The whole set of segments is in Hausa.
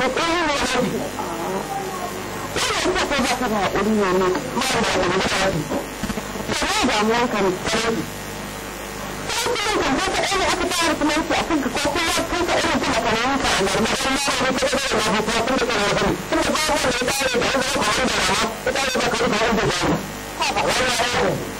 kuma tsohon ya rafi ko ba da ba ka ka ta aka fara kuma ki a kanka ko ko ka irin ta makarantar ka a garma ko ma wani ta da ba ta kuma da ya zama ka da rama ta ɗaya da ka rufe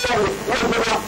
Thank you.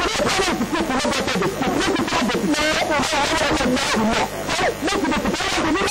Allah ya Allah ya Allah ya Allah ya Allah ya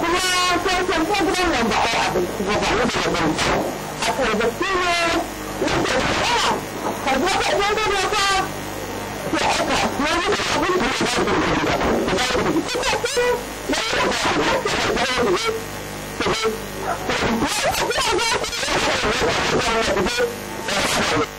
kuma sai san ko gidan nan ba ai abinci ba ba ni da ban a kai da kiwo yadda ka tsaya ka zo ka je da ka ta aka ko ni da abin da ba da ba ba da ki ta ce ne da ba da ta da da Thank you.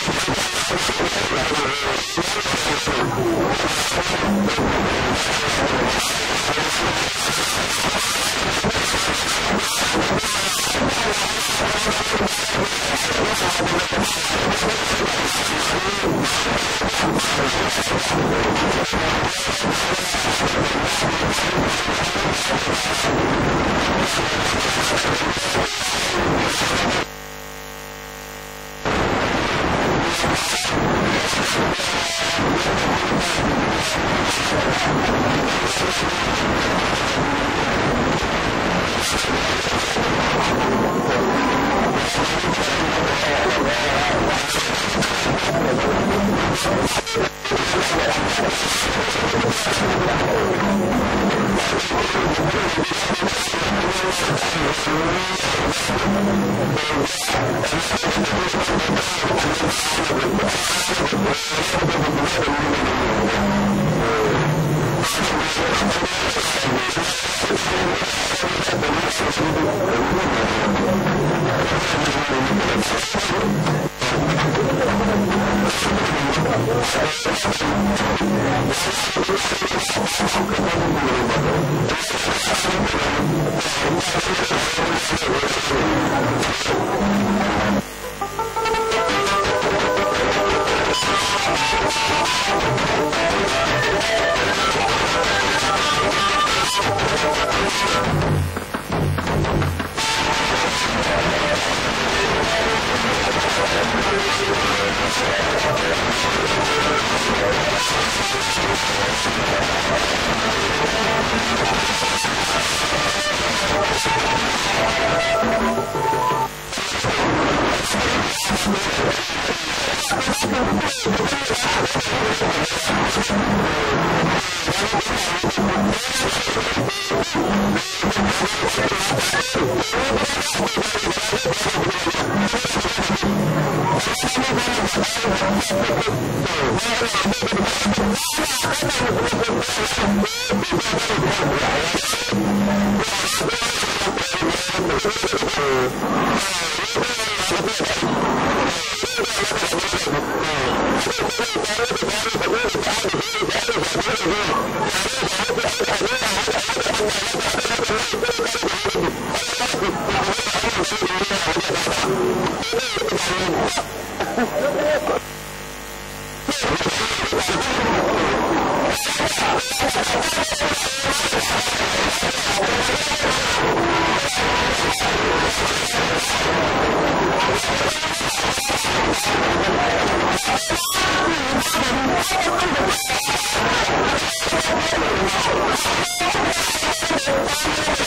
Thank you.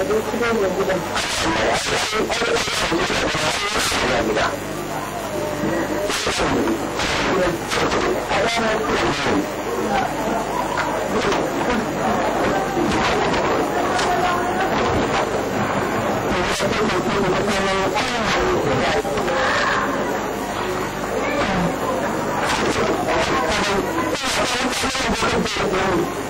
abinci ba ne gidan. Thank you.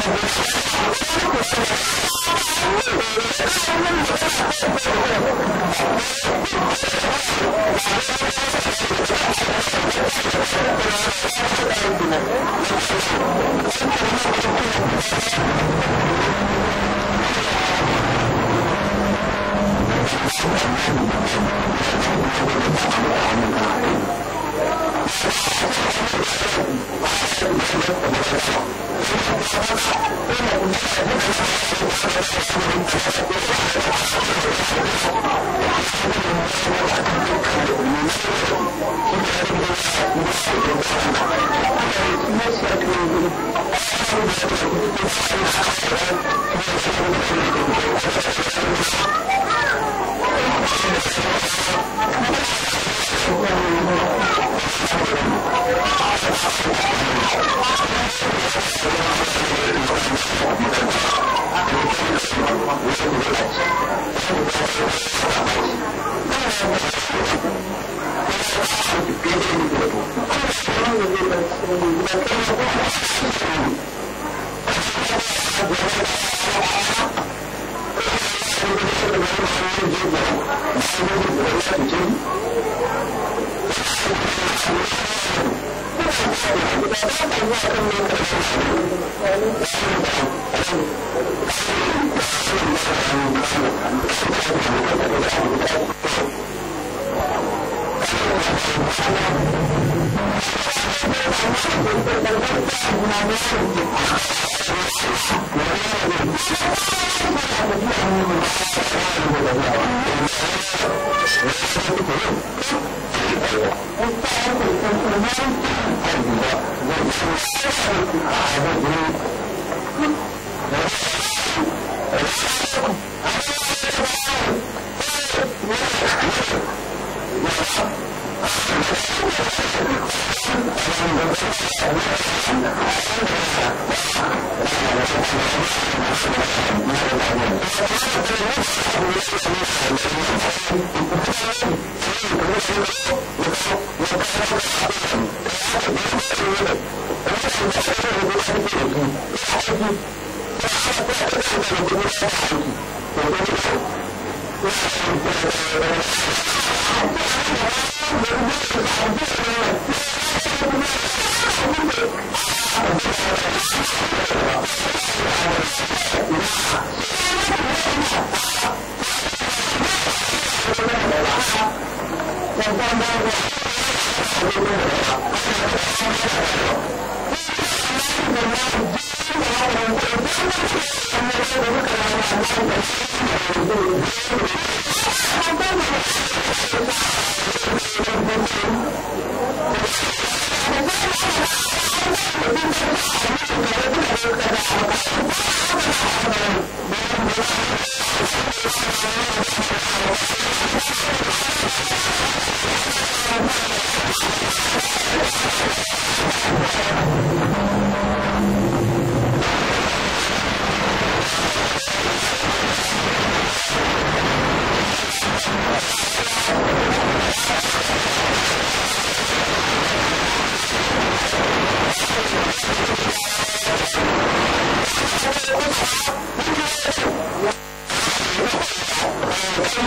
Thank you.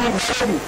I'm sorry.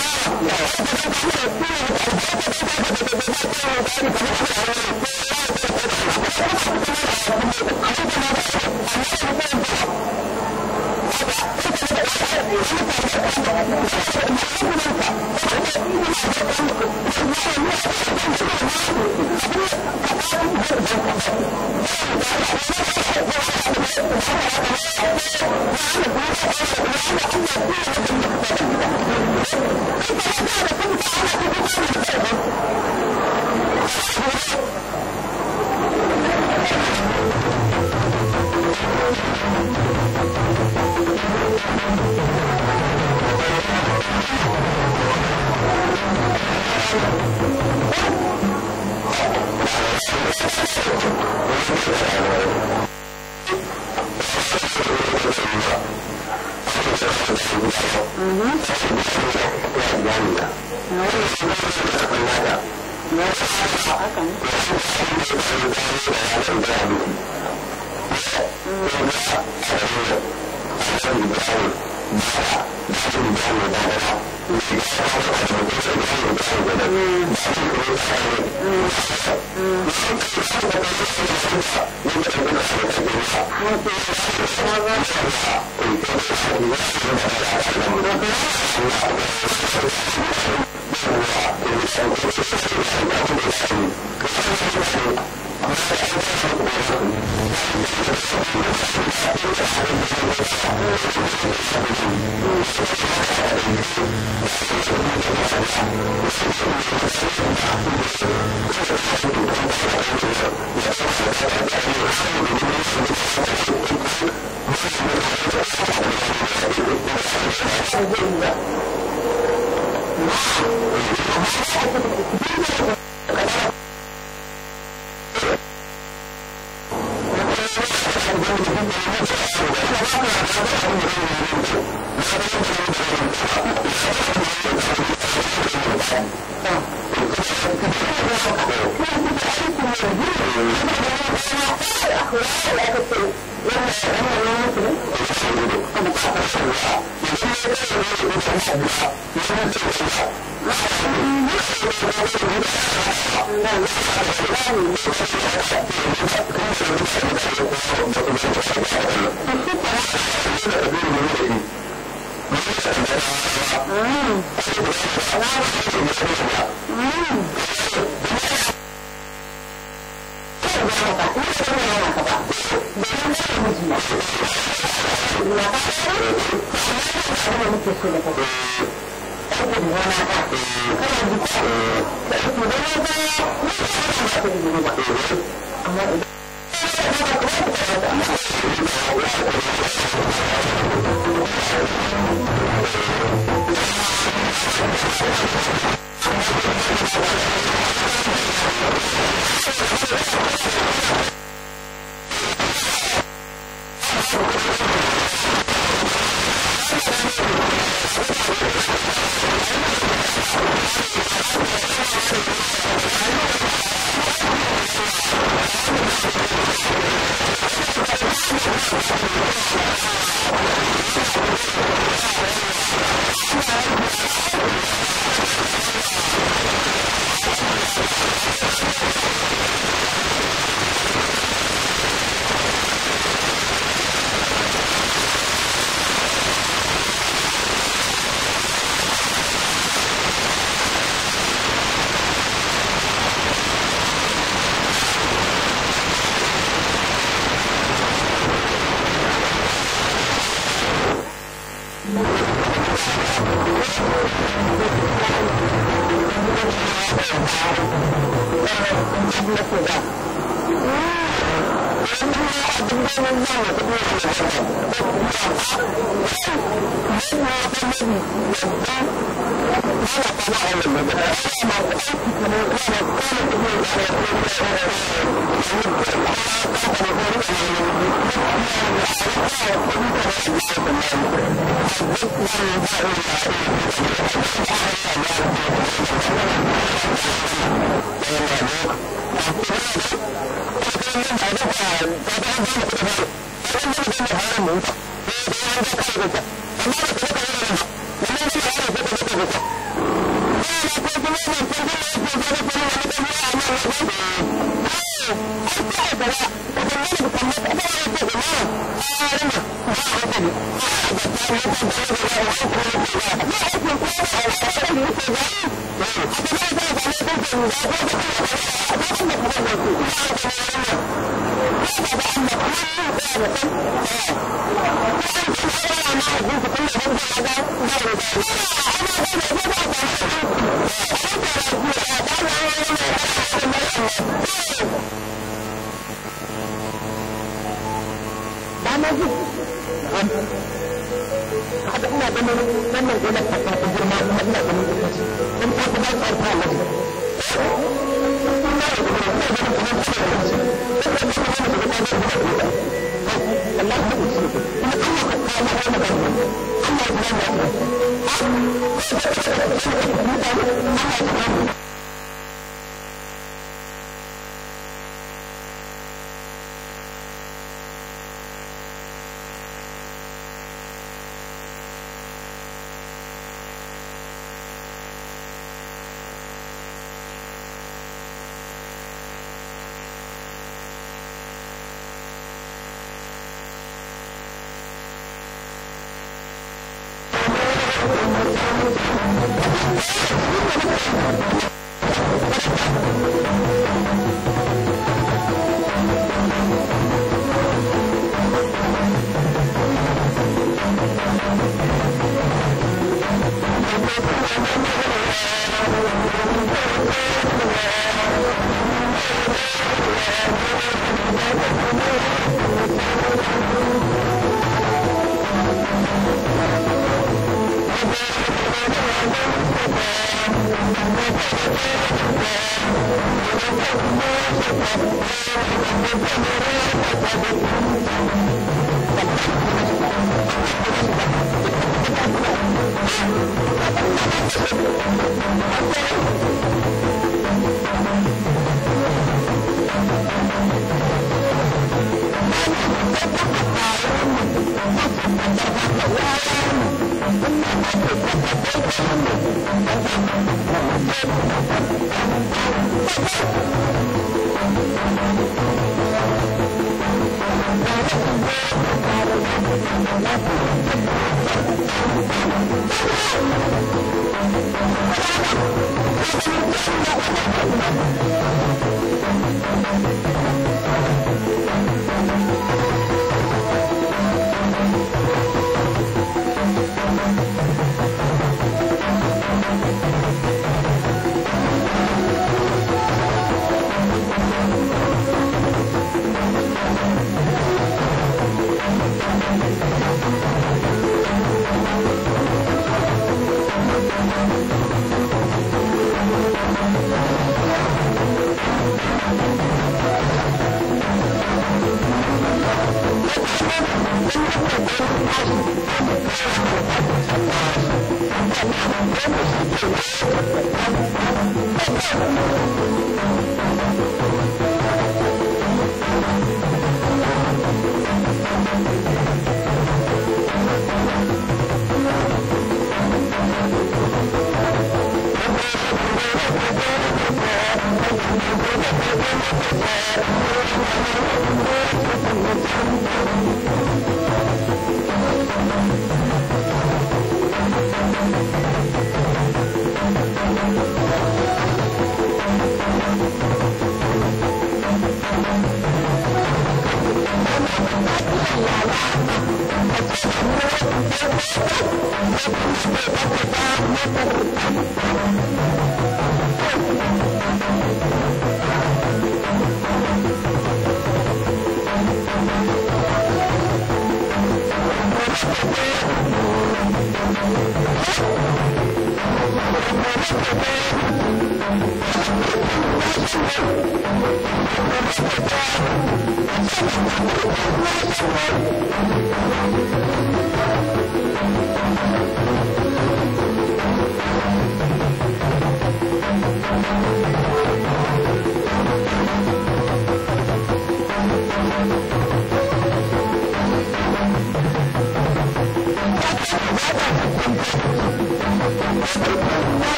Yeah.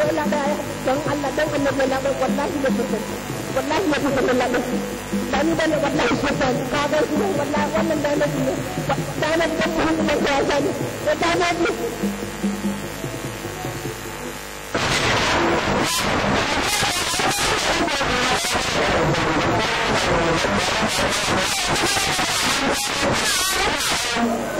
da wala da don Allah don Allah da labai wallahi da fitan wallahi da fitan da labai da ni bane wallahi shi ta ka ga shi wallahi wannan da nake ne da na da mu da ta ga ni da ta na Thank you.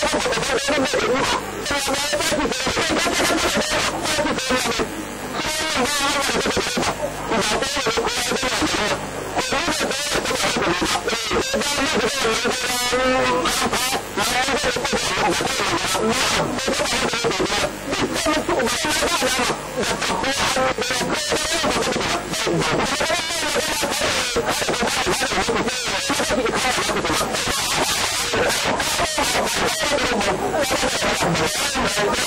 Thank you. Thank you.